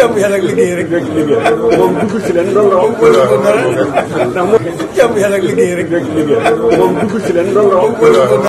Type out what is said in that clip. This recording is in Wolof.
jàmm yàlla ak liggéey rek. rek liggéey moom duggul si leen loolu la wax. loolu la wax ndax moom jàmm yàlla ak liggéey rek. rek liggéey moom duggul si leen loolu la wax.